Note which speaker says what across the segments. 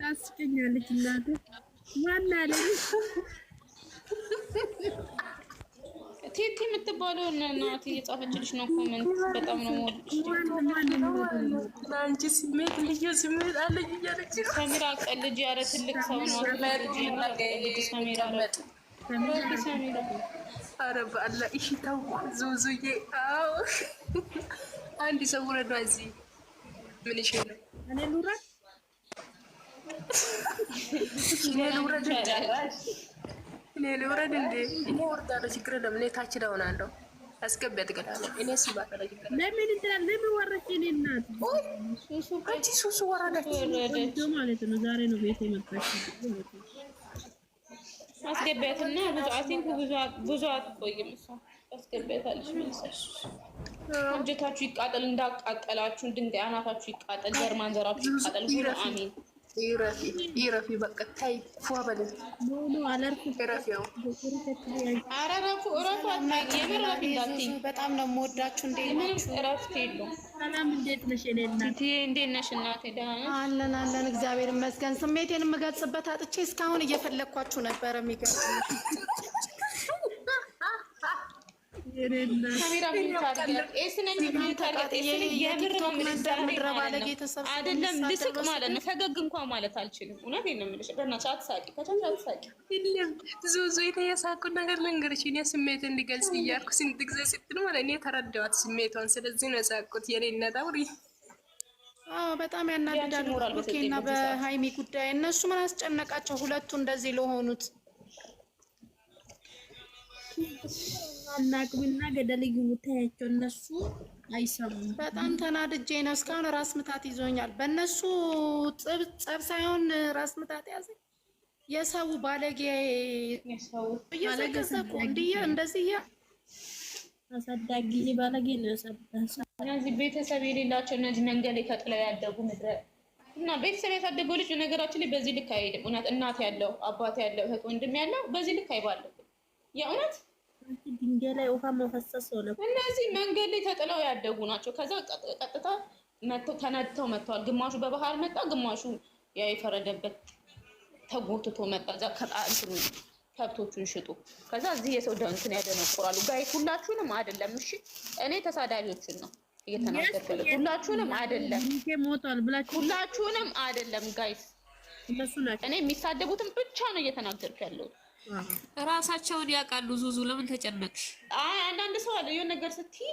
Speaker 1: ታስቀኛለች እናቴ ዋና ቴቴ የምትባለው እናት እየጻፈችልሽ ነው ኮመንት። በጣም ነው
Speaker 2: ሞልአንቺ ስሜት ልዩ ስሜት አለኝ እያለች
Speaker 3: ሰሚራ ቀልጅ ያለ ትልቅ ሰው ነው አንድ ሰው ረዷ እዚህ ምን
Speaker 1: ነው እኔ
Speaker 2: እኔ ልውረድ እንዴ? እኔ ወርዳለሁ፣ ችግር የለም። እኔ ታች ደውናለሁ።
Speaker 3: አስገቢያት እገላለሁ። እኔ
Speaker 1: ለምን ይችላል? ለምን ወረች? እኔ እናት
Speaker 2: አንቺ ሱሱ ወረደች ማለት ነው። ዛሬ ነው ቤት የመጣች።
Speaker 3: አስገቢያትና ብዙ አቲንክ ብዙ አትቆይም እሷ አስገቢያታለች። መልሰሽ አንጀታችሁ ይቃጠል እንዳቃጠላችሁ፣ ድንጋይ አናታችሁ ይቃጠል፣ ዘር ማንዘራችሁ ይቃጠል።
Speaker 2: አሜን ይረፊ በቃ ታይ ፏ በል።
Speaker 1: ኧረ ረፉ እረፉ።
Speaker 3: የምር ረፊ እንዳትዪ። በጣም ነው የምወዳችሁ። እንዴት ናችሁ? እረፍት የለውም።
Speaker 1: እንዴት ነሽ? እናቴ? ደህና ነሽ? አለን አለን፣ እግዚአብሔር ይመስገን። ስሜቴን የምገልጽበት አጥቼ እስካሁን እየፈለግኳችሁ ነበረ። የሚገርም
Speaker 3: አይደለም ልስቅ ማለት ነው። ፈገግ እንኳን ማለት አልችልም። እውነቴን ነው የምልሽ። በእናትሽ አትሳቂ፣ ከቻልሽ አትሳቂ።
Speaker 2: የለም ዞዞ የተየሳኩት ነገር ልንገርሽ። እኔ ስሜት እንዲገልጽ እያልኩ ስንት ጊዜ ስትል ማለት እኔ ተረዳኋት ስሜቷን። ስለዚህ ነው የሳቁት። የሌነት አውሪ
Speaker 1: በጣም ያናድዳል። ኦኬና በሀይሚ ጉዳይ እነሱ ምን አስጨነቃቸው? ሁለቱ እንደዚህ ለሆኑት አናግብና ገደል የምታያቸው እነሱ አይሰሙም። በጣም ተናድጄ ነው። እስካሁን ራስ ምታት ይዞኛል። በእነሱ ጸብ ሳይሆን ራስ ምታት ያዘ። የሰው ባለጌ እየዘገዘቁ እንዲህ እንደዚህ እያ አሳዳጊ ባለጌ ነው።
Speaker 3: እነዚህ ቤተሰብ የሌላቸው እነዚህ መንገድ ላይ ተጥለው ያደጉ ምድረ እና ቤተሰብ ያሳደገው ልጅ ነገራችን ላይ በዚህ ልክ አይሄድም። እውነት እናት ያለው አባት ያለው እህት ወንድም ያለው በዚህ ልክ አይባለም የእውነት
Speaker 1: ድንጋይ ላይ ውሃ መፈሰስ ሆነ።
Speaker 3: እነዚህ መንገድ ላይ ተጥለው ያደጉ ናቸው። ከዛ ቀጥታ መጥተው ተነድተው መጥተዋል። ግማሹ በባህር መጣ፣ ግማሹ ያ የፈረደበት ተጎትቶ መጣ። ዛ ከጣንት ከብቶቹን ሽጡ። ከዛ እዚህ የሰው ደንትን ያደነቁራሉ። ጋይት ሁላችሁንም አይደለም። እሺ እኔ ተሳዳቢዎችን ነው እየተናገርኩት። ሁላችሁንም አይደለም፣ ሁላችሁንም አይደለም። ጋይስ እኔ የሚሳደቡትን ብቻ ነው እየተናገርኩ ያለሁት።
Speaker 1: ራሳቸውን ያውቃሉ። ዙዙ ለምን ተጨነቅሽ?
Speaker 3: አይ አንዳንድ ሰው አለ የሆነ ነገር ስትይ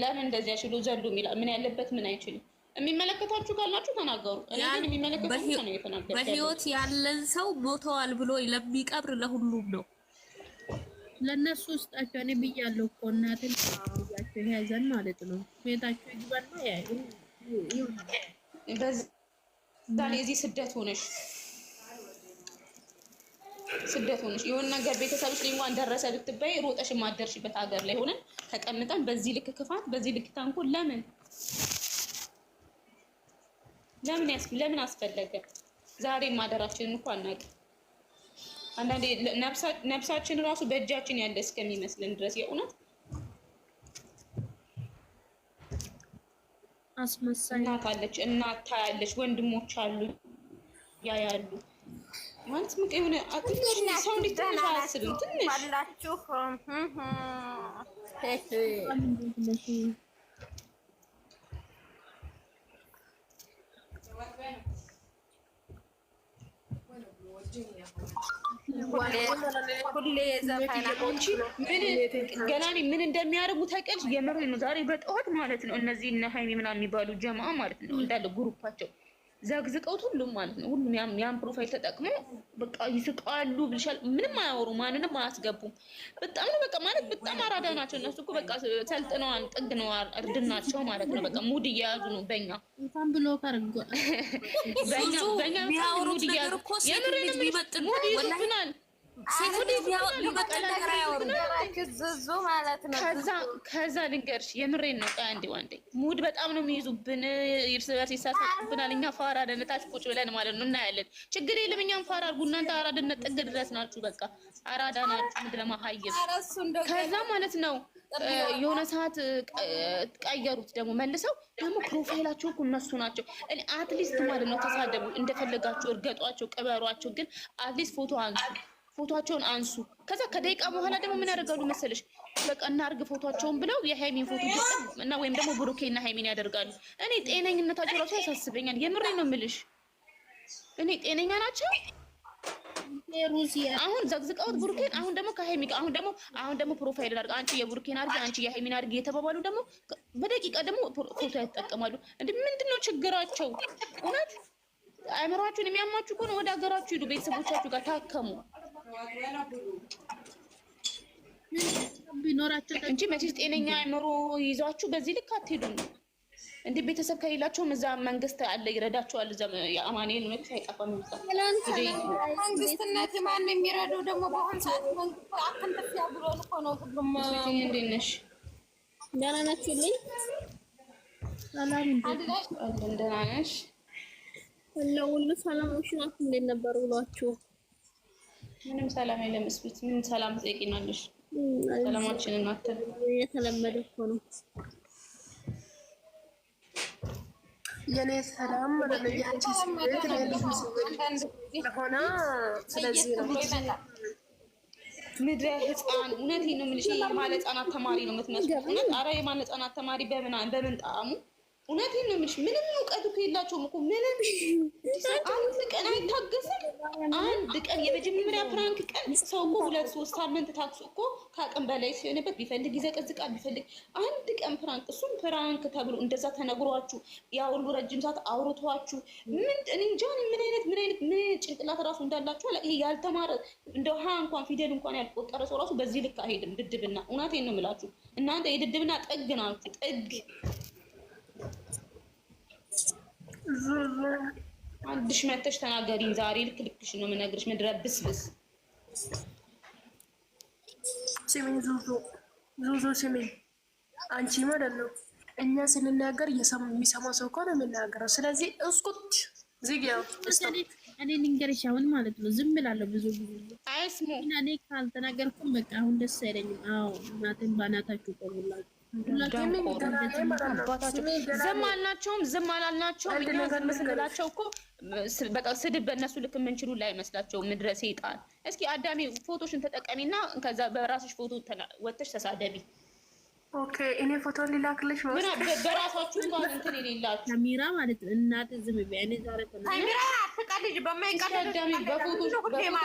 Speaker 3: ለምን እንደዚህ ያችሉ ዘሉ ይላል። ምን ያለበት ምን አይችልም። የሚመለከታችሁ ካላችሁ ተናገሩ።
Speaker 1: እኔ የሚመለከታችሁ ነው የተናገርኩት። በህይወት ያለን ሰው ሞተዋል ብሎ ለሚቀብር ለሁሉም ነው። ለእነሱ ውስጣቸው እኔ ብያለሁ እኮ እናትን ያቸው የያዘን ማለት ነው ቤታቸው ይግባና ያ
Speaker 3: በዛ እዚህ ስደት ሆነሽ ስደት ሆነሽ የሆነ ነገር ቤተሰብሽ ላይ እንኳን ደረሰ ብትበይ ሮጠሽ የማደርሽበት ሀገር ላይ ሆነን ተቀምጠን በዚህ ልክ ክፋት፣ በዚህ ልክ ተንኮል ለምን ለምን ለምን አስፈለገ? ዛሬ ማደራችንን እንኳ አናውቅም። አንዳንዴ ነፍሳችን ራሱ በእጃችን ያለ እስከሚመስልን ድረስ የእውነት አስመሳይ እናት አለች፣ እናት ታያለች፣ ወንድሞች አሉ ያያሉ ማለት ምቀ የሆነ ሰው እንዴት ትንሽ አያስብም። ትንሽ አላችሁ ገና ምን እንደሚያደርጉ ታውቂያለሽ? የምሬን ነው። ዛሬ በጠዋት ማለት ነው እነዚህ እነ ሀይሚ ምናምን የሚባሉ ጀማ ማለት ነው እንዳለ ጉሩፓቸው ዘግዝቀውት ሁሉም ማለት ነው። ሁሉም ያም ያም ፕሮፋይል ተጠቅሞ በቃ ይስቃሉ ብልሻል። ምንም አያወሩ፣ ማንንም አያስገቡም። በጣም ነው በቃ ማለት በጣም አራዳ ናቸው እነሱ እኮ በቃ ሰልጥነዋል፣ ጠግነዋል፣ እርድናቸው ማለት ነው። በቃ ሙድ እየያዙ ነው በእኛ በእኛ በእኛ
Speaker 1: ሙድ እያዙ የምሬንም
Speaker 3: ሙድ ይዙብናል። ከዛ ልንገርሽ፣ የምሬን ነው። ቆይ አንዴ ዋንዴ ሙድ በጣም ነው የሚይዙብን፣ እርስ በርስ ይሳሳቁብናል። እኛ ፋራ ደነታች ቁጭ ብለን ማለት ነው እናያለን። ችግር የለም እኛም ፋራ አድርጉ እናንተ አራድነት ጥግ ድረስ ናችሁ። በቃ አራዳ ናችሁ። ምድ ለማሀየብ ከዛ ማለት ነው የሆነ ሰዓት ቀየሩት ደግሞ መልሰው ደግሞ ፕሮፋይላቸው እኮ እነሱ ናቸው። አትሊስት ማለት ነው ተሳደቡ፣ እንደፈለጋችሁ እርገጧቸው፣ ቅበሯቸው፣ ግን አትሊስት ፎቶ አንሱ ፎቶቸውን አንሱ። ከዛ ከደቂቃ በኋላ ደግሞ ምን ያደርጋሉ መሰለሽ? በቃ እናርግ ፎቶቸውን ብለው የሃይሚን ፎቶ እና ወይም ደግሞ ብሩኬ እና ሃይሚን ያደርጋሉ። እኔ ጤነኝነታቸው ራሱ ያሳስበኛል። የምሬ ነው ምልሽ። እኔ ጤነኛ ናቸው አሁን ዘግዝቀውት ብሩኬን፣ አሁን ደግሞ ከሃይሚ አሁን ደግሞ አሁን ደግሞ ፕሮፋይል አድርግ አንቺ የብሩኬን አድርግ አንቺ የሃይሚን አድርግ የተባባሉ ደግሞ በደቂቃ ደግሞ ፎቶ ያጠቀማሉ። እንደ ምንድን ነው ችግራቸው እውነት? አይምሯችሁን የሚያማችሁ ከሆነ ወደ ሀገራችሁ ሂዱ፣ ቤተሰቦቻችሁ ጋር ታከሙ እንጂ መቼስ ጤነኛ አይምሮ ይዟችሁ በዚህ ልክ አትሄዱ። እንደ ቤተሰብ ከሌላቸውም እዛ መንግስት አለ ይረዳቸዋል። እዛ አማኑኤል መቼስ አይጠፋም።
Speaker 1: መንግስትነት ማን የሚረዳው ደግሞ በአሁን ሰዓት መንግስት አትንጥፍ ብሎ ልኮ ነው
Speaker 3: ሁሉም። እንዴት ነሽ?
Speaker 1: ደህና ናችሁልኝ? ደህና ነሽ? ሁሉ ሰላም ናት። እንዴት ነበር ውሏችሁ?
Speaker 3: ምንም ሰላም የለም። እስኪ ምን ሰላም ትጠይቂናለሽ? ሰላማችንን እናተን
Speaker 1: የተለመደ እኮ ነው።
Speaker 2: የኔ ሰላም ለያቺ ስሜት ለሆነ
Speaker 3: ስለዚህ ነው ምድረ ህፃን እውነቴን ነው የምልሽ። የማለ ህፃናት ተማሪ ነው የምትመስሉት። እውነት ኧረ የማለ ህፃናት ተማሪ በምን በምን ጣዕሙ እውነት ነው የምልሽ። ምንም እውቀቱ የላቸውም እኮ ምንም። አንድ ቀን አይታገስም። አንድ ቀን የመጀመሪያ ፕራንክ ቀን ሰው እኮ ሁለት ሶስት ሳምንት ታክሱ እኮ ከአቅም በላይ ሲሆንበት ቢፈልግ ይዘቀዝቃል፣ ቢፈልግ አንድ ቀን ፕራንክ እሱም ፕራንክ ተብሎ እንደዛ ተነግሯችሁ ያሁሉ ረጅም ሰዓት አውርቷችሁ ምን እንጃ ምን አይነት ምን አይነት ምን ጭንቅላት ራሱ እንዳላችሁ ይሄ ያልተማረ እንደ ሀ እንኳን ፊደል እንኳን ያልቆጠረ ሰው ራሱ በዚህ ልክ አይሄድም። ድድብና እውነቴን ነው የምላችሁ እናንተ የድድብና ጥግ ናችሁ ጥግ አንድሽ መተሽ ተናገሪ። ዛሬ ልክ ልክሽ ነው የምነግርሽ። ምድረ ብስብስ
Speaker 2: ስሚኝ፣ ዙዙ ዙዙ ስሚኝ፣ አንቺ ማለት ነው እኛ ስንናገር የሚሰማ ሰው ከሆነ የምናገረው። ስለዚህ እስኩት
Speaker 1: እኔ ልንገርሽ አሁን ማለት ነው ዝም ብላለሁ። ብዙ ጊዜ እኔ ካልተናገርኩም በቃ አሁን ደስ አይለኝም። አዎ እናትን ባናታችሁ ቆሙላችሁ ዝም አልናቸውም፣ ዝም አላልናቸውም።
Speaker 3: እኛ ዝም ስንላቸው እኮ በቃ ስድብ በእነሱ ልክ የምንችሉ ላይ መስላቸው ምድረ ሴጣን። እስኪ አዳሜ ፎቶሽን ተጠቀሚና ከዛ በራስሽ ፎቶ ወጥተሽ ተሳደቢ።
Speaker 2: ኦኬ እኔ ፎቶ ሊላክልሽ
Speaker 3: በራሳችሁ እንኳን እንትን የሌላችሁ
Speaker 1: ካሜራ ማለት እናት ዝም ቢያ ዛሬ
Speaker 2: ካሜራ አትቀልጅ። በማይቀልጅ
Speaker 3: በፎቶ ውጪና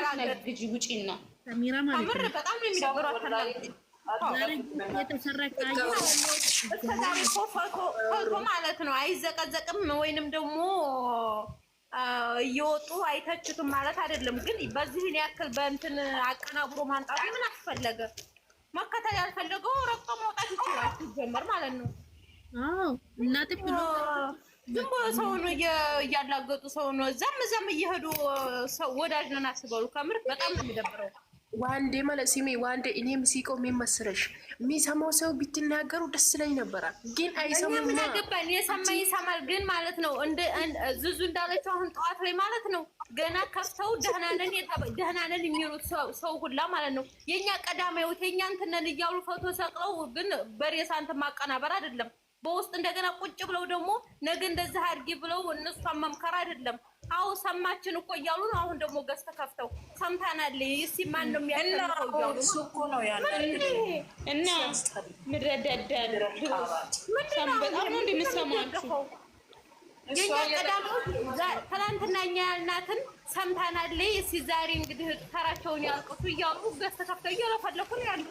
Speaker 1: ካሜራ ማለት
Speaker 2: በጣም ነው የሚደብረው
Speaker 1: ፎቶ
Speaker 2: ማለት ነው አይዘቀዘቅም፣ ወይንም ደግሞ እየወጡ አይተችትም ማለት አይደለም። ግን በዚህን ያክል በእንትን አቀናብሮ ማንጣቱ ምን አስፈለገ? መከተል ያልፈለገው ረግጦ መውጣት ይችላል፣ ሲጀመር ማለት ነው። ዝም ብሎ ሰውን እያላገጡ ሰውን እዛም እዛም እየሄዱ ሰው ወዳጅ ነን አስበሉ። ከምር በጣም ነው የሚደብረው። ዋንዴ ማለት ሲሜ ዋንዴ እኔ ምስቆ የሚመስለሽ የሚሰማው ሰው ብትናገሩ ደስ ላይ ነበረ፣ ግን አይሰማም። ምን አገባኝ? የሰማ ይሰማል፣ ግን ማለት ነው እንደ ዝዙ እንዳለችው አሁን ጠዋት ላይ ማለት ነው ገና ከፍተው ደህናነን ደህናነን የሚሉት ሰው ሁላ ማለት ነው የእኛ ቀዳማዊት የእኛ እንትን ነን እያሉ ፎቶ ሰቅለው፣ ግን በሬሳ እንትን ማቀናበር አይደለም። በውስጥ እንደገና ቁጭ ብለው ደግሞ ነገ እንደዚህ አድርጊ ብለው እነሷን መምከር አይደለም አዎ ሰማችን እኮ እያሉ ነው። አሁን ደግሞ ገዝተ ከፍተው ሰምታናል። ይሲ ማን ነው ነው
Speaker 1: ያለ እና ምረዳዳል በጣም ነው እንደምሰማችሁ
Speaker 2: የኛ ትናንትና እኛ ያልናትን ሰምታናል። እስኪ ዛሬ እንግዲህ ተራቸውን ያልቅሱ እያሉ ገዝተ ከፍተው እየለፈለኩ ነው ያሉ።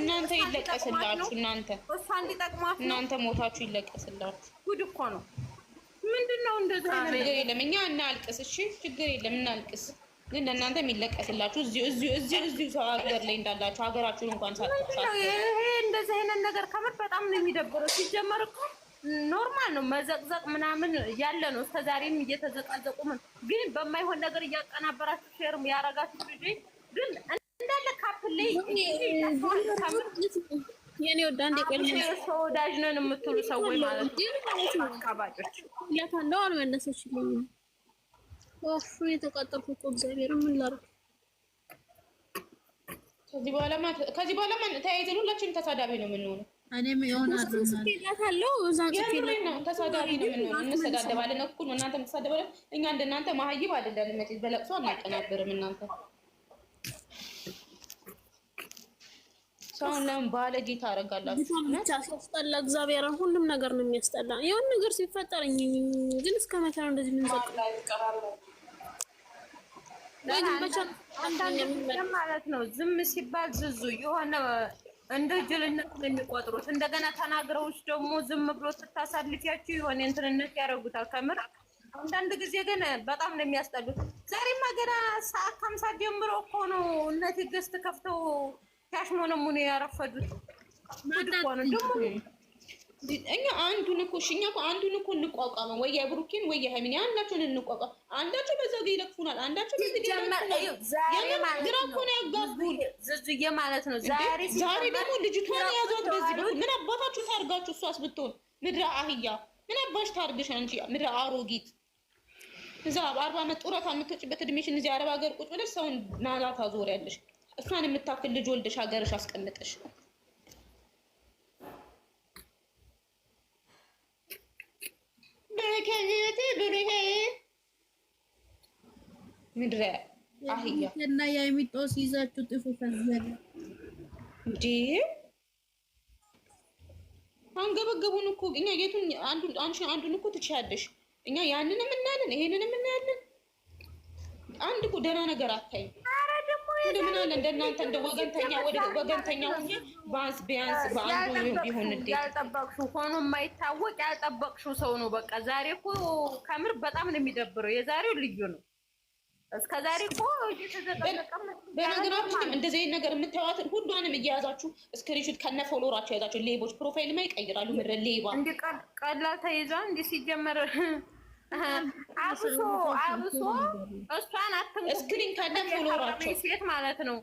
Speaker 3: እናንተ ይለቀስላችሁ። እናንተ
Speaker 2: እሷ እንዲጠቅሟት
Speaker 3: እናንተ ሞታችሁ ይለቀስላችሁ።
Speaker 2: ጉድ እኮ ነው። ምንድን ነው
Speaker 3: የለም እኛ እናልቅስ። እሺ ችግር የለም እናልቅስ፣ ግን ለእናንተ የሚለቀስላችሁ እዚሁ እዚሁ እዚሁ እዚሁ ሰው ሀገር ላይ እንዳላችሁ ሀገራችሁን እንኳን
Speaker 2: ሳትሳይ ይሄ እንደዚህ አይነት ነገር ከምር በጣም ነው የሚደብረው። ሲጀመር እኮ ኖርማል ነው መዘቅዘቅ ምናምን ያለ ነው። እስከ ዛሬም እየተዘቃዘቁ ምን ግን በማይሆን ነገር እያቀናበራችሁ ሼርም ያረጋችሁ ግን እንዳለ ካፕል ላይ የኔ ወደ አንድ ሰው ወዳጅ ነን የምትሉ ሰዎች ማለት ነው።
Speaker 1: አካባጮች ያታለው አልመለሰችልኝም። ኦፍ የተቃጠልኩ እኮ እግዚአብሔር ምን ላድርግ?
Speaker 3: ከዚህ በኋላ ከዚህ በኋላ ተያይዘን ሁላችንም ተሳዳቢ ነው የምንሆነው።
Speaker 1: እኔም የሆነ አለው
Speaker 2: እዛ
Speaker 3: ነው ተሳዳቢ ነው የምንሆነው። እንሰዳደባለን እኩል እናንተ ምትሳደባለን። እኛ እንደናንተ ማህይብ አይደለንም። በለቅሶ አናቀናብርም እናንተ ሰውን ለምን ባለጌ ታደርጋላችሁ?
Speaker 1: ብቻ ሲያስጠላ እግዚአብሔርን ሁሉም ነገር ነው የሚያስጠላ። የሆን ነገር ሲፈጠር ግን እስከ መቼ ነው እንደዚህ ምንሰቅላይቀራለን
Speaker 2: ማለት ነው? ዝም ሲባል ዝዙ የሆነ እንደ ጅልነት ነው የሚቆጥሩት። እንደገና ተናግረውች ደግሞ ዝም ብሎ ስታሳልፊያቸው የሆነ እንትንነት ያደርጉታል። ከምር አንዳንድ ጊዜ ግን በጣም ነው የሚያስጠሉት። ዛሬማ ገና ሰዓት ከሀምሳ ጀምሮ እኮ ነው እነቴ ገዝት ከፍተው ሻሽሞነሙን ያረፈዱት እኛ
Speaker 3: አንዱን እኮ እኛ እኮ አንዱን እኮ እንቋቋመው ወይ የብሩኬን ወይ የሀይሚን አንዳቸውን እንቋቋም። አንዳቸው ይለቅፉናል፣ አንዳቸው
Speaker 2: ግራ እኮ ነው ያጋቡን። ማለት ነው ዛሬ
Speaker 3: ደግሞ ልጅቷን ያዟት። በዚህ በኩል ምን አባታችሁ ታርጋችሁ? እሷስ ብትሆን ምድረ አህያ ምን አባሽ ታርግሽ አንቺ ምድረ አሮጊት። እዛ በአርባ ዓመት ጡረታ የምትወጪበት እድሜሽን እዚህ አረብ ሀገር ቁጭ ብለሽ ሰውን ያለሽ እሷን የምታክል ልጅ ወልደሽ ሀገርሽ አስቀምጠሽ ምድረ አህያና
Speaker 1: የሚጦስ ይዛችሁ ጥፉ። ፈዘለ
Speaker 3: እንዴ አንገበገቡን እኮ እኛ የቱን አንዱን አንዱን እኮ ትችያለሽ። እኛ ያንንም እናያለን፣ ይሄንንም እናያለን። አንድ እኮ ደህና ነገር አታይም። እንደ አለ እንደናንተ እንደ ወገንተኛ ወደ ወገንተኛ ሁኜ ባስ ቢያንስ በአንዱ ቢሆን እንዴ
Speaker 2: ያልጠበቅሽው ሆኖ የማይታወቅ ያልጠበቅሽው ሰው ነው። በቃ ዛሬ እኮ ከምር በጣም ነው የሚደብረው። የዛሬው ልዩ ነው። እስከ ዛሬ እኮ
Speaker 3: በነገራችን እንደዚህ አይነት ነገር የምታዩትን ሁሉንም እየያዛችሁ እስክሪንሹት ከነ ፎሎወራችሁ የያዛችሁ ሌቦች ፕሮፋይል ማ ይቀይራሉ። ምድረ ሌባ
Speaker 2: እንዲህ ቀላል ተይዟ እንዲህ ሲጀመር አብሶ አብሶ እሷን
Speaker 3: አትንኩ። እስክሪን ካለ ፎሎዋቸው
Speaker 2: ሴት ማለት ነው።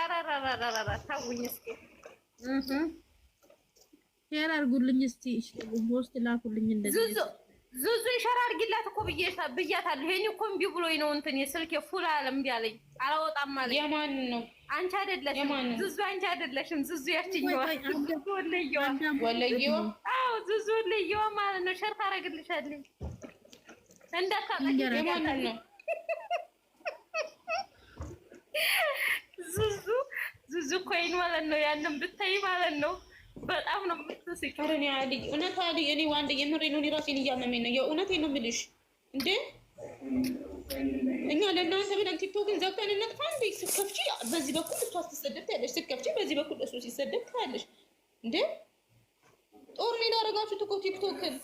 Speaker 2: አረረረረረ ታውኝ እስኪ
Speaker 1: ሼር አድርጉልኝ እስቲ ፖስት ላኩልኝ።
Speaker 2: እንደዚህ ዙዙን ሸር አድርጊላት እኮ ብያታለሁ። ይሄን እኮ እምቢ ብሎኝ ነው እንትን ስልኬ ፉል አለ እምቢ አለኝ። አላወጣም አለኝ።
Speaker 3: የማን ነው?
Speaker 2: አንቺ አይደለሽም ዙዙ፣ አንቺ አይደለሽም ዙዙ። ያችኛዋ ወለየዋ አዎ ዙዙ ወለየዋ ማለት ነው። ሸር ታደርግልሻለች ዙዙ ዙዙ ኮይን ማለት ነው። ያንን ብታይ ማለት ነው
Speaker 3: በጣም ነው የምትስቂው። እኔ አልይ እውነት አልይ እኔ ዋንድ የምሬ ነው። ራሴን እያመመኝ ነው። የእውነቴ ነው የምልሽ እንዴ እኛ ለእናንተ ብለን ቲክቶክን ዘግተን እንጥፋ እንዴ? ስትከፍቺ በዚህ በኩል እሷ ስትሰደብ ታያለሽ፣ ስትከፍቺ በዚህ በኩል እሱ ሲሰደብ ታያለሽ። እንዴ ጦር ሜዳ አደረጋችሁት እኮ ቲክቶክን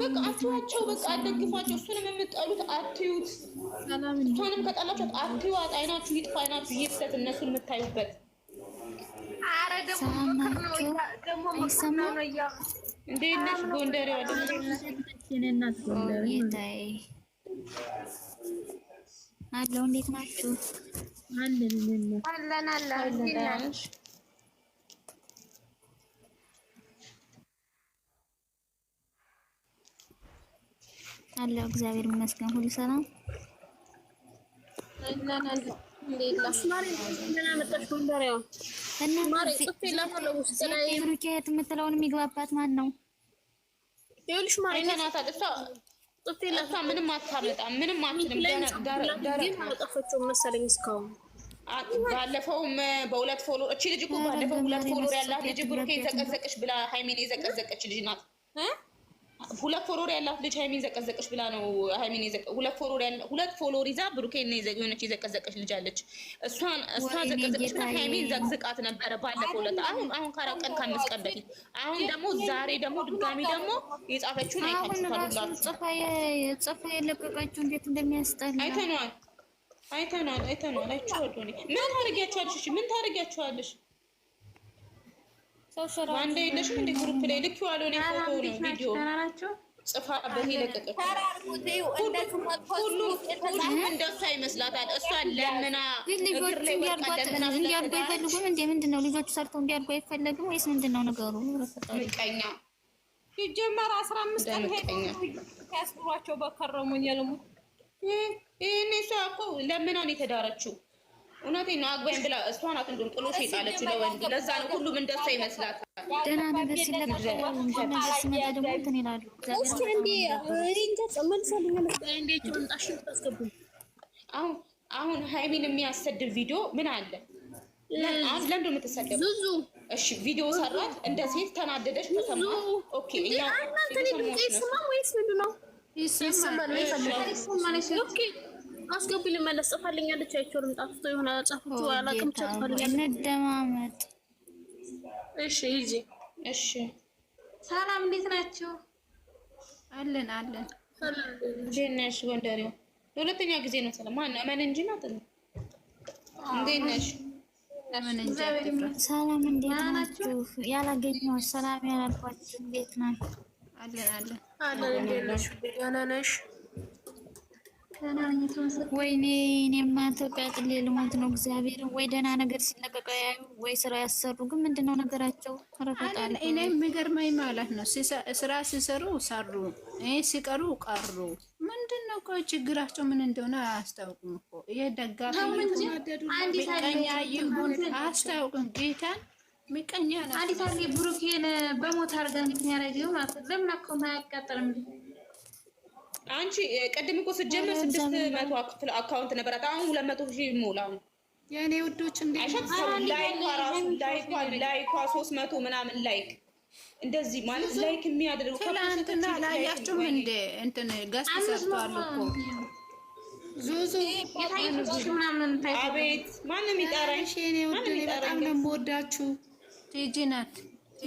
Speaker 3: በቃ አትዋቸው፣ በቃ አትደግፏቸው። እሱንም የምትጠሉት አትዩት፣ እሷንም ከጠላችሁት አትዩት። አይናችሁ ይጥፋ፣ አይናችሁ ይፍሰት፣ እነሱን የምታዩበት።
Speaker 1: ኧረ ደግሞ ምክር
Speaker 3: ነው እያ እንዴት ነሽ ጎንደሬ?
Speaker 1: አለው እንዴት ናችሁ?
Speaker 2: አለን አለን
Speaker 1: አለው እግዚአብሔር ይመስገን፣ ሁሉ ሰላም። ሩኬት የምትለውን የሚግባባት ማን ነው?
Speaker 2: ይኸውልሽ ማሪ
Speaker 3: ናት። እሷ ምንም አታመጣም፣ ምንም አትልም።
Speaker 2: አልጠፈችውም መሰለኝ እስካሁን
Speaker 3: ባለፈውም በሁለት ፎሎ እቺ ልጅ እኮ ባለፈው ሁለት ፎሎ ያላት ልጅ ብሩኬ ዘቀዘቀች ብላ ሃይሜን የዘቀዘቀች ልጅ ናት። ሁለት ፎሎወር ያላት ልጅ ሀይሚን ዘቀዘቀች ብላ ነው። ሀይሚን ሁለት ፎሎወር ያላት ሁለት ፎሎወር ይዛ ብሩኬ የሆነች የዘቀዘቀች ልጅ አለች። እሷን እሷን ዘቀዘቀች ብላ ሀይሚን ዘቅዝቃት ነበረ ባለፈው ዕለት፣ አሁን አሁን ከአራት ቀን ከአምስት ቀን በፊት አሁን ደግሞ ዛሬ ደግሞ ድጋሚ ደግሞ የጻፈችውን
Speaker 1: አይታችሁጽፋ የለቀቀችው እንዴት እንደሚያስጠላ
Speaker 3: አይተነዋል፣ አይተነዋል፣ አይተነዋል። አይቼዋለሁ ምን ታደርጊያቸዋለሽ? ምን ታደርጊያቸዋለሽ? ሰው ሸራ አንዴ የለሽም እንደ ግሩፕ ላይ ልክ ያለውን የፎቶ ነው ቪዲዮ ጽፋበት
Speaker 2: የለቀቀችው
Speaker 3: ሁሉም እንደሱ ይመስላታል። እሷ ለምና
Speaker 1: እንዲያድጉ አይፈልጉም እንዴ? ምንድን ነው ልጆቹ ሰርተው እንዲያድጉ አይፈልግም ወይስ ምንድን ነው ነገሩ?
Speaker 3: ምቀኛ
Speaker 2: ሲጀመር አስራ አምስት ቀን ሄደው ያስብሯቸው በከረሙን የልሙ
Speaker 3: ይህኔ እሷ እኮ ለምናን የተዳረችው እውነቴን ነው። አግባኝ ብላ እሷ ናት እንዲሁም ጥሎሽ የጣለች ለወንድ። ለዛ ነው ሁሉም እንደሷ ይመስላታል።
Speaker 1: ደህና ነገር ሲለብስ ሲመጣ ደግሞ እንትን ይላሉ።
Speaker 3: አሁን ሀይሚን የሚያሰድብ ቪዲዮ ምን አለ? አሁን ለምንድን ነው የምትሰደብ? እሺ ቪዲዮ ሰራት፣ እንደ ሴት ተናደደች፣ ተሰማ። ኦኬ እኛ
Speaker 2: ወይስ ምንድን ነው
Speaker 1: ይሰማል?
Speaker 2: አስገቢ ልመለስ ጽፋልኛለች። አይቼው ልምጣ ፍቶ የሆነ
Speaker 1: ጻፍቹ አላውቅም። ጽፋልኛለች እንደማመጥ
Speaker 3: እሺ፣ ይጂ እሺ።
Speaker 2: ሰላም እንዴት ናችሁ?
Speaker 1: አለን አለን።
Speaker 3: እንዴት ነሽ? ጎንደሬው ለሁለተኛ ጊዜ ነው። ሰላም ማን አመን እንጂ ናት። እንዴት ነሽ?
Speaker 1: ሰላም እንዴት ናችሁ? ያላገኘው ሰላም ያላልኳችሁ እንዴት ናችሁ? አለን አለን
Speaker 2: አለን። እንዴት ነሽ?
Speaker 3: ደህና ነሽ?
Speaker 1: ወይኔ እኔማ ተቃጥሌ ልሞት ነው። እግዚአብሔር ወይ ደህና ነገር ሲለቀቀ ያዩ ወይ ስራ ያሰሩ ግን ምንድነው ነገራቸው?
Speaker 2: እኔ የሚገርመኝ ማለት ነው ስራ ሲሰሩ ሰሩ፣ ሲቀሩ ቀሩ። ምንድነው ችግራቸው? ምን እንደሆነ አያስታውቅም እኮ ይሄ ደጋፊ ምቀኛ ይሁን አያስታውቅም። ጌታን ምቀኛ ነው።
Speaker 1: አንዲት ብሩኬን በሞት አድርገን ያረገው ለምን አካውንት አያቃጠልም?
Speaker 3: አንቺ ቅድም እኮ ስትጀምር ስድስት መቶ ክፍል አካውንት ነበራት። አሁን ሁለት መቶ ሺህ ይሞላው
Speaker 1: የእኔ ውዶች
Speaker 3: ላይኳ ሶስት መቶ ምናምን ላይክ እንደዚህ ማለት ላይክ የሚያደርጉ
Speaker 2: ትላንትና ላያችሁም እንደ እንትን ገስ ሰርተዋል እኮ
Speaker 1: ዙዙ
Speaker 3: አቤት ማንም ይጠራኝ።
Speaker 1: በጣም ነው የምወዳችሁ ቲጂ ናት።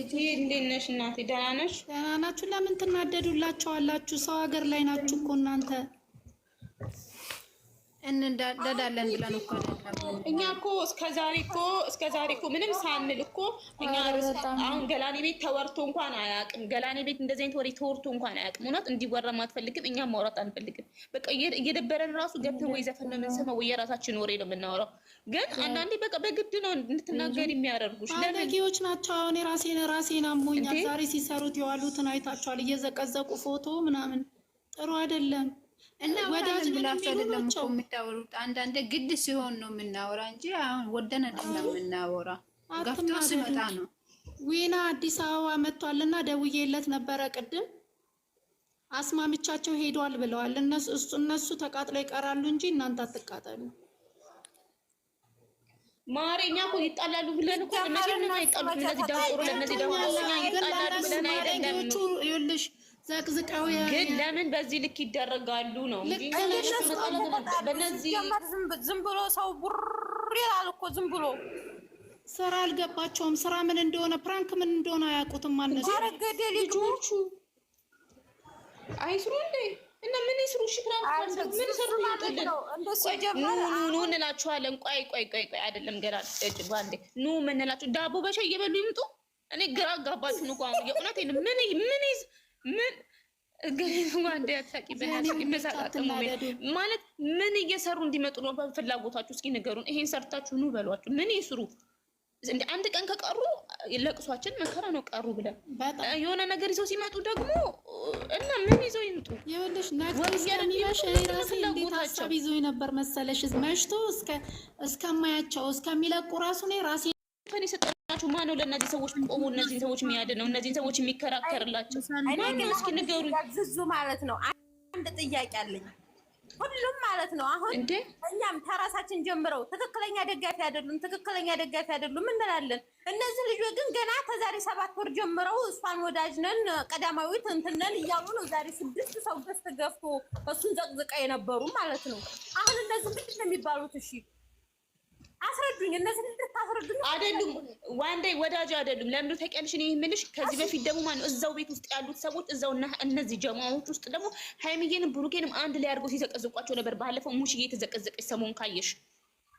Speaker 3: እቴ እንዴት ነሽ እናቴ? ደህና ነሽ?
Speaker 1: ደህና ናችሁ? ለምን ትናደዱላቸዋላችሁ? ሰው ሀገር ላይ ናችሁ እኮ እናንተ እንዳዳለን ብለን እኮ
Speaker 3: እኛ እኮ እስከዛሬ እኮ እስከዛሬ እኮ ምንም ሳንል እኮ እኛ አሁን ገላኔ ቤት ተወርቶ እንኳን አያውቅም። ገላኔ ቤት እንደዚህ አይነት ወሬ ተወርቶ እንኳን አያውቅም። እውነት እንዲወራም አትፈልግም፣ እኛም ማውራት አንፈልግም። በቃ እየደበረን ራሱ ገብተን ወይ ዘፈን ነው የምንሰማው ወይ የራሳችን ወሬ ነው የምናወራው። ግን አንዳንዴ በቃ በግድ ነው እንድትናገር የሚያደርጉሽ
Speaker 1: አላጊዎች ናቸው። አሁን የራሴን ራሴን አሞኛል። ዛሬ ሲሰሩት የዋሉትን አይታችኋል፣ እየዘቀዘቁ ፎቶ ምናምን ጥሩ አይደለም። እና
Speaker 2: ወዳጅ ብላችሁ አይደለም እኮ የምታወሩት። አንዳንዴ ግድ ሲሆን ነው የምናወራ እንጂ አሁን ወደን አይደለም የምናወራ። ገፍቶ ሲመጣ ነው።
Speaker 1: ዊና አዲስ አበባ መጥቷልና ደውዬለት ነበረ ቅድም። አስማምቻቸው ሄዷል ብለዋል። እነሱ ተቃጥለው ይቀራሉ እንጂ እናንተ አትቃጠሉ። ማሬኛ እኮ ይጣላሉ ብለን እኮ እነዚህ ለነዚህ አይጣሉ? ለነዚህ ደንቆሮ ለነዚህ ደንቆሮ ለነዚህ ይጣላሉ ለነዚህ አይደለም ዘቅዝቀው ግን ለምን በዚህ ልክ ይደረጋሉ ነው እንጂ ዝም ብሎ ሰው ቡር ይላል እኮ ዝም ብሎ ስራ አልገባቸውም። ስራ ምን እንደሆነ ፕራንክ ምን እንደሆነ አያውቁትም። ማነሱ አረገደ ልጆቹ አይስሩ እንዴ እና ምን ይስሩ? እሺ ፕራንክ ምን ሰሩ? ይጥልን ኑ እንላችኋለን። ቆይ ቆይ ቆይ ቆይ አይደለም ገና እጭ ባንዴ ኑ ምን እንላችሁ ዳቦ በሻይ እየበሉ ይምጡ። እኔ ግራ አጋባችሁ ነው። ቋሙ የእውነት ምን ምን ምን ዋንዴ ያታቂ ማለት ምን እየሰሩ እንዲመጡ ነው ፍላጎታችሁ? እስኪ ንገሩን። ይሄን ሰርታችሁ ኑ በሏችሁ። ምን ይስሩ? እንደ አንድ ቀን ከቀሩ ለቅሷችን መከራ ነው። ቀሩ ብለን የሆነ ነገር ይዘው ሲመጡ ደግሞ እና ምን ይዘው ይምጡ? ይኸውልሽ ናሚሽ ይዞ ነበር መሰለሽ መሽቶ እስከ እስከማያቸው እስከሚለቁ ራሱ ራሴ ናችሁ? ማነው ለእነዚህ ሰዎች ቆሞ እነዚህን ሰዎች የሚያድነው? እነዚህን ሰዎች የሚከራከርላቸው ማነው? እስኪ ዝዙ ማለት ነው። አንድ ጥያቄ አለኝ። ሁሉም ማለት ነው አሁን እኛም ተራሳችን ጀምረው ትክክለኛ ደጋፊ አይደሉም፣ ትክክለኛ ደጋፊ አይደሉም እንላለን። እነዚህ ልጆች ግን ገና ከዛሬ ሰባት ወር ጀምረው እሷን ወዳጅነን ቀዳማዊት ትንትነን እያሉ ነው ዛሬ ስድስት ሰው ገዝተ ገፍቶ እሱን ዘቅዝቀ የነበሩ ማለት ነው። አሁን እነዚህ ምንድን ነው የሚባሉት? እሺ አስረዱኝ። እነዚህ ታስረዱኝ አይደሉም፣ ዋንዴ ወዳጅ አይደሉም። ለምዶ ተቀንሽን ይህ ምልሽ ከዚህ በፊት ደግሞ ማነው እዛው ቤት ውስጥ ያሉት ሰዎች እዛው እና እነዚህ ጀማዎች ውስጥ ደግሞ ሀይሚዬንም ብሩኬንም አንድ ላይ አድርጎ ሲዘቀዝቋቸው ነበር። ባለፈው ሙሽዬ የተዘቀዘቀች ሰሞን ካየሽ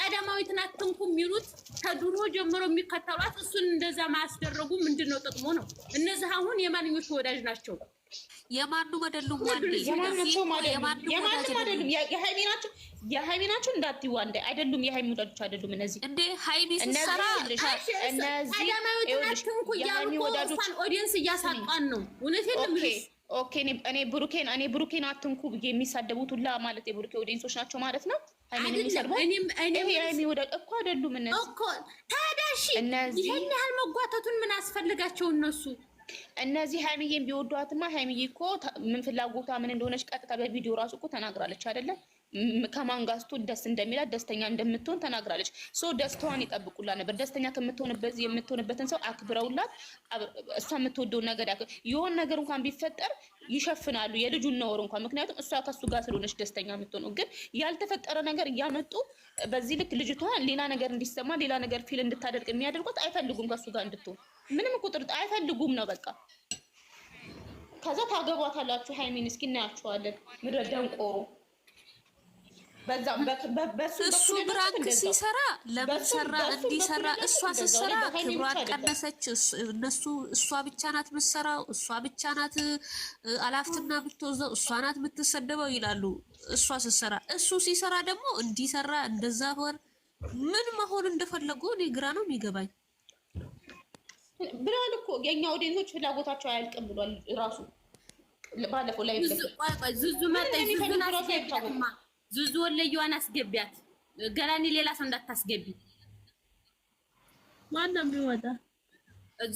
Speaker 1: ቀደማዊትን አትንኩ የሚሉት ከድሮ ጀምሮ የሚከተሏት እሱን እንደዛ ማያስደረጉ ምንድን ነው ጥቅሙ? ነው እነዚህ አሁን የማንኞቹ ወዳጅ ናቸው? የማንም አይደሉም። የሀይሚ ናቸው። የሀይሚ ናቸው እንዳትዪ አንዴ። አይደሉም፣ የሀይሚ ወዳጆች አይደሉም። እነዚህ እንደ ሀይሚ ስትሰራ ቀደማዊትን አትንኩ እያሉ እሷን ኦዲየንስ እያሳጣን ነው። እውነቴን ነው የምልሽ ኦኬ እኔ ብሩኬን እኔ ብሩኬን አትንኩ ብዬ የሚሳደቡት ሁላ ማለት የብሩኬ ኦዲንሶች ናቸው ማለት ነው። የሚወደቅ እኮ አይደሉም እነዚህ ታዲያ እሺ፣ ይሄን ያህል መጓተቱን ምን አስፈልጋቸው እነሱ? እነዚህ ሀይሚዬን ቢወዷትማ ሀይሚዬ እኮ ምን ፍላጎቷ ምን እንደሆነች ቀጥታ በቪዲዮ ራሱ እኮ ተናግራለች አይደለም ከማንጋስቱ ደስ እንደሚላት ደስተኛ እንደምትሆን ተናግራለች። ሶ ደስታዋን ይጠብቁላት ነበር። ደስተኛ ከምትሆንበት የምትሆንበትን ሰው አክብረውላት እሷ የምትወደውን ነገር ያ የሆን ነገር እንኳን ቢፈጠር ይሸፍናሉ፣ የልጁን ነወር እንኳን ምክንያቱም እሷ ከሱ ጋር ስለሆነች ደስተኛ የምትሆነው። ግን ያልተፈጠረ ነገር እያመጡ በዚህ ልክ ልጅቷ ሌላ ነገር እንዲሰማ ሌላ ነገር ፊል እንድታደርግ የሚያደርጓት አይፈልጉም። ከሱ ጋር እንድትሆን ምንም ቁጥር አይፈልጉም ነው በቃ ከዛ ታገቧታላችሁ። ሀይሚን፣ እስኪ እናያችኋለን። ምድረ ደንቆሮ እሱ ብራንክ ሲሰራ ለምን ሰራ እንዲሰራ እሷ ስትሰራ ክብሯን ቀነሰች። እነሱ እሷ ብቻ ናት የምትሰራው፣ እሷ ብቻ ናት አላፍትና የምትወዘው፣ እሷ ናት የምትሰደበው ይላሉ። እሷ ስትሰራ እሱ ሲሰራ ደግሞ እንዲሰራ እንደዛ ሆን ምን መሆን እንደፈለጉ እኔ ግራ ነው የሚገባኝ። ብርሃን እኮ የእኛ ኦዲየንሶች ፍላጎታቸው አያልቅም ብሏል ራሱ ባለፈው ላይ ዙዙ ወለየዋን አስገቢያት። ገላኒ ሌላ ሰው እንዳታስገቢ። ማንም ቢወጣ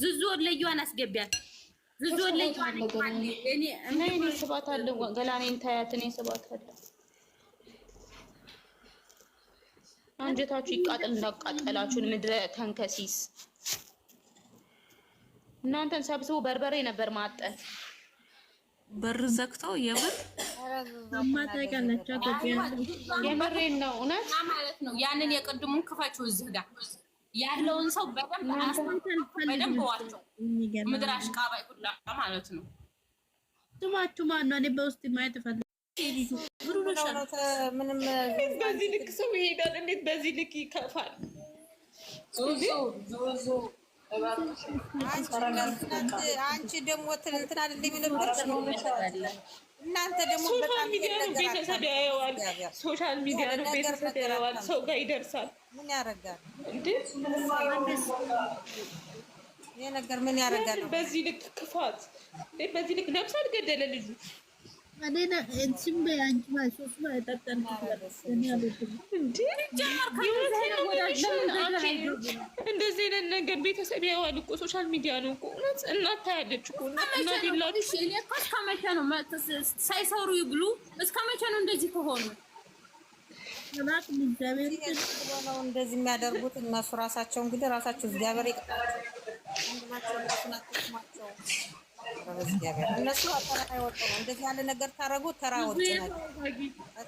Speaker 1: ዙዙ ወለየዋን አስገቢያት። ዙዙ ወለየዋን እኔ እኔ ስባት አለ ገላኔን ታያት። እኔ ስባት አለ አንጀታችሁ ይቃጠል እንዳቃጠላችሁን ምድረ ተንከሲስ እናንተን ሰብስቦ በርበሬ ነበር ማጠን በር ዘግቶ የብር ማታውቂያለች ኢትዮጵያ የምሬን ነው። እውነት ማለት ነው። ያንን የቅድሙን ክፈችው እዚህ ጋር ያለውን ሰው በደንብ በደንብ ዋቸው ምድር አሽቃባይ ሁላ ማለት ነው። ስማችሁ ማነው? እኔ በውስጥ ማየት እፈልጋለሁ። በዚህ ልክ ሰው ይሄዳል? እንዴት በዚህ ልክ ይከፋል? አንቺ ደግሞ እንትን አይደል የሚነበርሽ እናንተ ደግሞ ሶሻል ሚዲያ ነው ቤተሰብ ያየዋል። ሶሻል ሚዲያ ነው ቤተሰብ ያየዋል። ሰው ጋር ይደርሳል። ምን ያደርጋል ይሄ ነገር ምን ያደርጋል? በዚህ ልክ ክፋት፣ በዚህ ልክ ነፍስ አልገደለ ልጁ እንደዚህ አይነት ነገር ቤተሰብ ያዋል እኮ ሶሻል ሚዲያ ነው እኮ እውነት እናት ታያለች እኮ እስከ መቼ ነው ሳይሰሩ ይብሉ እስከ መቼ ነው እንደዚህ ከሆኑ እንደዚህ የሚያደርጉት እነሱ ራሳቸው እንግዲህ ራሳቸው እግዚአብሔር ይቅጣቸው እነሱ ተራ የወጡ ነው። እንደዚህ ያለ ነገር ተራ ወጡ ናቸው።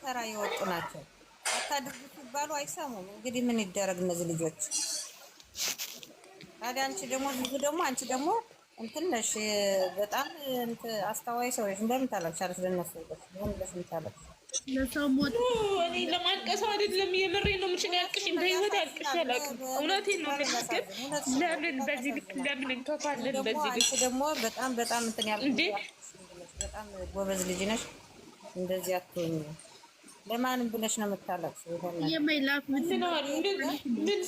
Speaker 1: ተራ የወጡ ናቸው። አታድርጉ ሲባሉ አይሰሙም። እንግዲህ ምን ይደረግ? እነዚህ ልጆች ታዲያ አንቺ ደግሞ ደግሞ አንቺ ደግሞ እንትን ነሽ፣ በጣም አስተዋይ ሰው ነሽ። እኔ ለማልቀስ አይደለም፣ የምሬ ነው። ምችን ያልቅሽም በህይወት ያልቅሽ አላውቅም። እውነቴን ነው። ግን ለምን በዚህ ልክ ለምን እንከፋለን? በዚህ ልክ ደግሞ በጣም በጣም እንትን ያል እንዴ፣ በጣም ጎበዝ ልጅ ነሽ። እንደዚህ አትሆኝ። ለማንም ብለሽ ነው የምታለቅሽ? ምን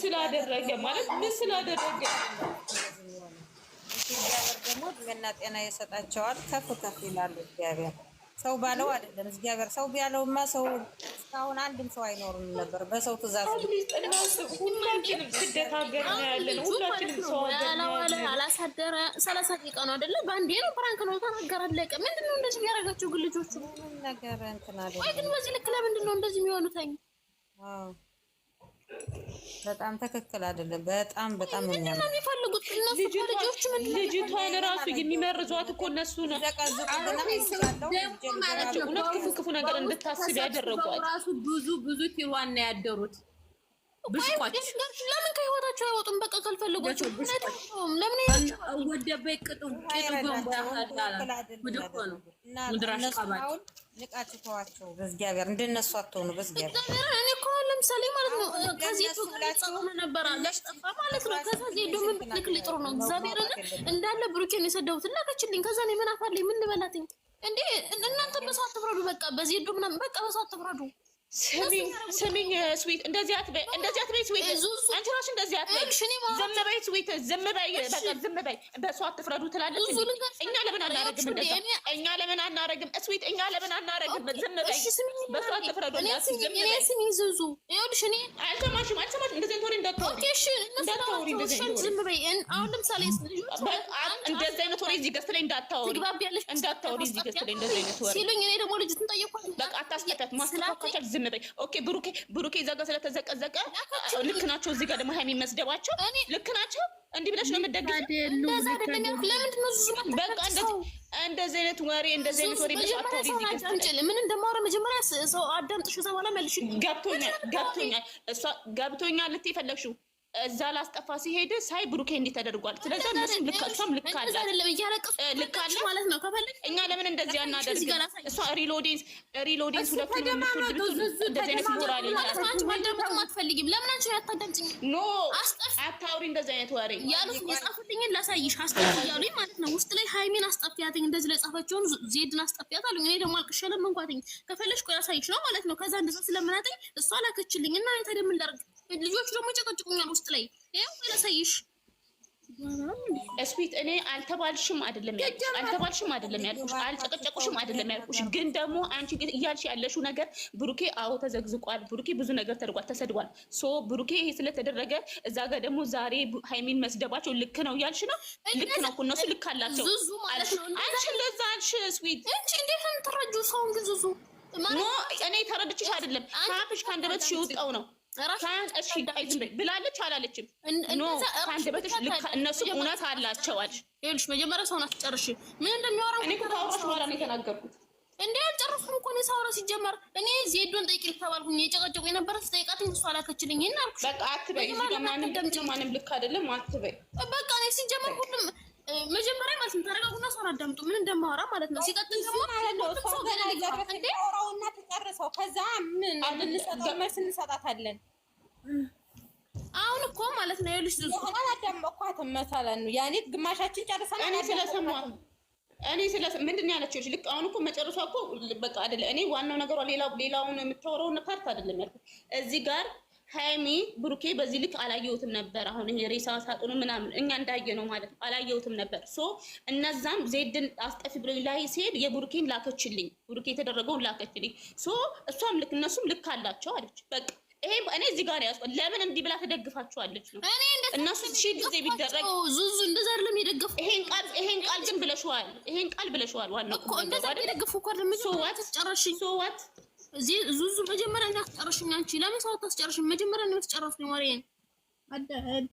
Speaker 1: ስላደረገ ማለት ምን ስላደረገ ደግሞ እድሜና ጤና ይሰጣቸዋል። ከፍ ከፍ ይላሉ እግዚአብሔር ሰው ባለው አይደለም እግዚአብሔር። ሰው ቢያለውማ ሰው እስካሁን አንድም ሰው አይኖርም ነበር። በሰው ትእዛዝ ሁላችንም ስደት ሀገር ነው ያለን። ሁላችንም ሰው ያለዋለ አላሳደረ ሰላሳ ደቂቃ ነው በአንዴ ነው ፕራንክ ነው ተናገር አለቀ። ምንድን ነው እንደዚህ የሚያደርጋቸው ነገር እንትን አለ ወይ? ግን በዚህ ልክ ለምንድን ነው እንደዚህ አዎ በጣም ትክክል አይደለም። በጣም በጣም ነው የሚፈልጉት እነሱ ልጆቹ። ምን ልጅቷን ራሱ የሚመርዟት እኮ እነሱ ነው። ክፉ ክፉ ነገር እንድታስብ ያደረጓት ራሱ ብዙ ብዙ ቲሯን ነው ያደሩት። ለምን ከህይወታቸው አይወጡም? በቃ ካልፈለጓቸው ለምን ነው ንቃችሁ ተዋቸው። በእግዚአብሔር እንደነሱ አትሆኑ። በእግዚአብሔር እኔ እኮ ለምሳሌ ማለት ነው ከዜቱ ጸሆነ ነበረ ላሽጠፋ ማለት ነው። ከዛ ዜዶ ምን ብትልክል ጥሩ ነው። እግዚአብሔርን እንዳለ ብሩኬን የሰደቡት ላከችልኝ። ከዛ እኔ ምን አፋለኝ? ምን ልበላትኝ? እንዴ እናንተ በሰው አትፍረዱ። በቃ በዜዶ ምናምን በቃ በሰው አትፍረዱ። ስሚኝ ስዊት፣ እንደዚህ አትበይ፣ እንደዚህ አትበይ ስዊት። አንቺ እራስሽ እንደዚህ አትበይ። ዝም በይ ስዊት፣ ዝም በይ በቃ ዝም በይ። በእሷ አትፍረዱ ትላለች። እኛ ለምን አናረግም? እንደዚያ እኛ ለምን አናረግም? ስዊት፣ እኛ ለምን አናረግም? ዝም በይ፣ በእሷ አትፍረዱ። ስሚኝ ዙዙ፣ ይኸውልሽ እኔ አልሰማሽም፣ አልሰማሽም። እንደዚህ እንትሆን እንዳትሆን፣ እንዳትሆን፣ ዝም በይ። አሁን ለምሳሌ እንደዚህ አይነት ወሬ እዚህ ገዝት ላይ እንዳታወሪ፣ እንዳታወሪ፣ እዚህ ገዝት ላይ እንደዚህ አይነት ወሬ ሲሉኝ እኔ ደግሞ ልጅቱን ጠየኳት። በቃ አታስጠታት፣ ማስተካከል ዝም ኦኬ ብሩኬ ብሩኬ እዛ ጋር ስለተዘቀዘቀ ልክ ናቸው። እዚህ ጋር ደግሞ ሀይሚ መስደባቸው ልክ ናቸው። እንዲህ ብለሽ ነው የምትደግፊው። እንደዚህ አይነት ወሬ እንደዚህ አይነት ወሬ ብለሽ አታውሪ። ምን እንደማወራ መጀመሪያ ሰው አዳምጥሽ፣ እዛ በኋላ መልሽ። ገብቶኛል ገብቶኛል፣ እሷ ገብቶኛል ልትይ ፈለግሽው እዛ ላስጠፋ ሲሄድ ሳይ ብሩኬ እንዲህ ተደርጓል። ስለዚህ እነሱም ልካቸውም ልካለልካለ ማለት ነው። ከፈለግ እኛ ለምን እንደዚህ አናደርግ? እሷ ሪሎዴንስ ሪሎዴንስ እንደዚህ አይነት ሞራል አትፈልጊም። ለምን አንቺ ኖ አታውሪ እንደዚህ አይነት ወሬ የጻፉልኝን ላሳይሽ። እያሉኝ ማለት ነው። ውስጥ ላይ ሀይሜን አስጠፊያትኝ፣ እንደዚህ ላይ ጻፈችውን ዜድን አስጠፊያት አሉኝ። እኔ ደግሞ አልቅሻለም እንኳትኝ። ከፈለሽ ቆይ ነው ማለት ነው። ከዛ እንደዛ ስለምናጠኝ እሷ ላከችልኝ እና ተደም ልጆቹ ደግሞ ይጨቀጭቁኛል ውስጥ ላይ ይኸው አላሳይሽ እስፒት እኔ አልተባልሽም አይደለም ያልኩሽ፣ አልተባልሽም አይደለም ያልኩሽ፣ አልጨቀጨቁሽም አይደለም ያልኩሽ። ግን ደግሞ አንቺ እያልሽ ያለሽው ነገር ብሩኬ፣ አዎ ተዘግዝቋል፣ ብሩኬ ብዙ ነገር ተደርጓል፣ ተሰድቧል። ሶ ብሩኬ ይሄ ስለተደረገ እዛ ጋር ደግሞ ዛሬ ሀይሚን መስደባቸው ልክ ነው እያልሽ ነው። ልክ ነው እኮ እነሱ ልክ አላቸው። አንቺ እንደዛ አልሽ እስዊት። እንዴት ነው የምትረጂው ሰውን? ግን ዙዙ እኔ ተረድችሽ አይደለም፣ ከአፍሽ ከአንደበትሽ የወጣው ነው ብላለች አላለችም? እነሱ እውነት አላቸዋል ይኸውልሽ መጀመሪያ ሰውን አትጨርሽ። ምን እንደሚያወራ በኋላ ነው የተናገርኩት። እንዴ አልጨረስኩም እኮ እኔ ሳውራ ሲጀመር እኔ ዜዶን ጠይቂ ተባልኩኝ። የጨቀጨቁ የነበረ ስጠይቃትኝ እሱ አላከችልኝ። ይህን አልኩሽ። በቃ አትበይ፣ ማንም ልክ አይደለም አትበይ። በቃ እኔ ሲጀመር ሁሉም መጀመሪያ ማለት ነው ተረጋጉና ሰውን አዳምጡ፣ ምን እንደማወራ ማለት ነው። ሲቀጥል ደግሞ ሰው ገና ሊገባ እንዴ የምንጽፈው። ከዛ ምን እንሰጠው መልስ እንሰጣታለን። አሁን እኮ ማለት ነው የልጅ ዝዙ አላዳመኳትም መሰለን ነው ያኔ ግማሻችን ጨርሰናል። እኔ ስለሰማሁ እኔ ስለ ምንድን ነው ያለችው? ልክ አሁን እኮ መጨረሷ እኮ በቃ አይደለ። እኔ ዋናው ነገሯ ሌላውን የምታወራውን ፓርት አይደለም ያልኩት እዚህ ጋር ሀይሚ ብሩኬ በዚህ ልክ አላየሁትም ነበር። አሁን ይሄ ሬሳ ሳጥኑ ምናምን እኛ እንዳየ ነው ማለት ነው። አላየሁትም ነበር። ሶ እነዛም ዜድን አስጠፊ ብሎ ላይ ሲሄድ የብሩኬን ላከችልኝ፣ ብሩኬ የተደረገውን ላከችልኝ። ሶ እሷም ልክ እነሱም ልክ አላቸው አለች። በቃ ይሄ እኔ እዚህ ጋር ያስ ለምን እንዲህ ብላ ተደግፋችኋለች ነው እነሱ ሺህ ጊዜ ቢደረግ ዙዙ እንደዛ አይደለም የደገፉ ይሄን ቃል ይሄን ቃል ግን ብለሽዋል፣ ይሄን ቃል ብለሽዋል። ዋናው እኮ እንደዛ የደገፉ እኮ ሶ ዋት ሶ ዋት እዚህ ዙዙ መጀመሪያ እንዳትጨርሽኝ አንቺ። ለምን ሰው አታስጨርሽኝ? መጀመሪያ ነው የምትጨርሽኝ ወሬን